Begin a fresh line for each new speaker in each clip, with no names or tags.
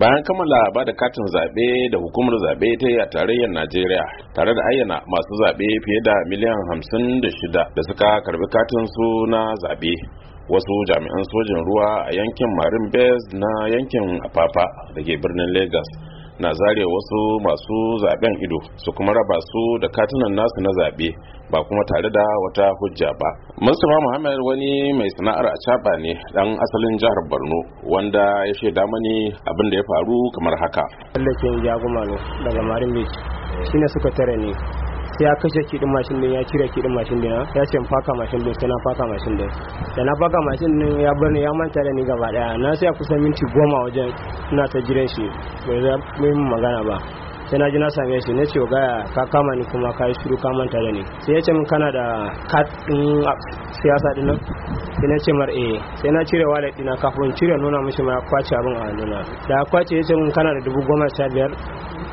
bayan kammala ba da katin zaɓe da hukumar zaɓe ta yi a tarayyar najeriya tare da ayyana masu zaɓe fiye da miliyan hamsin da shida da suka karbi katin su na zaɓe wasu jami'an sojin ruwa a yankin marin bez na yankin apapa da ke birnin lagos na zare wasu masu zaben ido su kuma raba su da katunan nasu na zabe ba kuma tare da wata hujja ba Mustapha Muhammad wani mai sana'ar acaba ne dan asalin jihar Borno wanda ya shaida mani abin da ya faru kamar haka
Tallakin jaguma ne daga Marin Beach shine suka tare ne sai ya kashe kiɗin mashin din ya cire kiɗin mashin din ya ce faka mashin din sai na faka mashin din da na faka mashin din ya bar ni ya manta da ni gaba daya na sai kusa minti goma wajen ina ta jiran shi bai zai min magana ba sai na ji na same shi ne ce gaya ka kama ni kuma ka yi shiru ka manta da ni sai ya ce min kana da kat siyasa din sai na ce mar eh sai na cire wallet dina kafin cire nuna mishi ma kwace abin a hannuna da kwace ya ce min kana da dubu goma sha biyar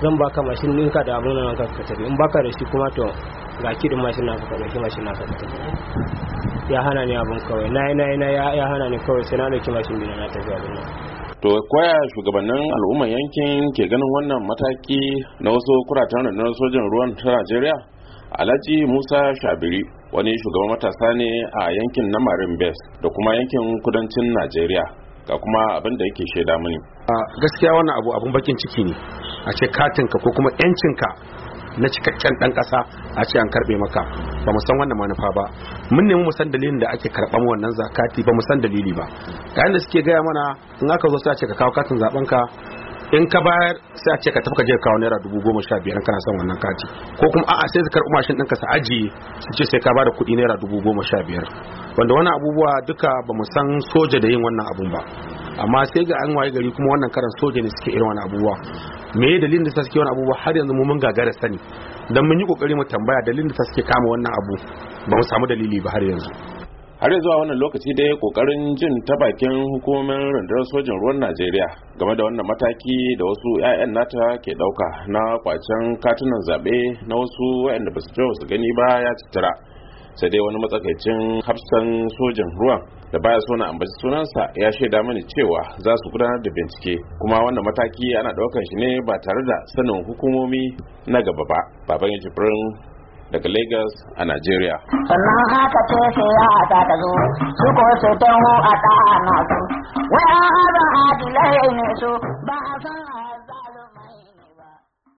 zan baka mashin ninka da abin nan ka tafi in baka da shi kuma to ga kidin mashin na ka ga mashin na ka tafi ya hana ni abin kawai na yi na yi na ya hana ni kawai sai na ɗauki mashin dina na tafi abin nan
to koya shugabannin al'umman yankin ke ganin wannan mataki na wasu kuratan rundunar sojin ruwan ta najeriya alhaji musa shabiri wani shugaban matasa ne a yankin na marin bes da kuma yankin kudancin najeriya ga kuma abin da yake shaida mini
a gaskiya wannan abu abun bakin ciki ne a ce katinka ko kuma yancinka na cikakken dan kasa a ce an karbe maka ba mu san wannan manufa ba mun nemi mu san dalilin da ake karban wannan zakati ba mu san dalili ba ga da suke gaya mana in aka zo sai a ce ka kawo katin zaben ka in ka bayar sai a ce ka tafka je ka je kawo naira dubu goma sha biyar kana son wannan kati ko kuma a'a sai su karɓi mashin ɗinka sa ajiye su ce sai ka bada kuɗi naira dubu goma sha biyar wanda wani abubuwa duka ba mu san soja da yin wannan abun ba amma sai ga an waye gari kuma wannan karan soja ne suke irin wani abubuwa me dalilin da suke wani abubuwa har yanzu mu mun gagara sani dan mun yi kokari mu tambaya dalilin da suke kama wannan abu ba mu samu dalili ba har yanzu
har yanzu zuwa wannan lokaci dai kokarin jin ta bakin hukumomin rundunar sojin ruwan najeriya game da wannan mataki da wasu 'ya'yan nata ke dauka na kwacen katunan zaɓe na wasu waɗanda ba su gani ba ya tattara sai dai wani matsakaicin hafsan sojin ruwan da baya so na ambaci sunansa ya shaida mani cewa za su gudanar da bincike kuma wannan mataki ana daukar shi ne ba tare da sanin hukumomi na gaba ba baban ya daga Lagos a Najeriya.
Sannan a ta na a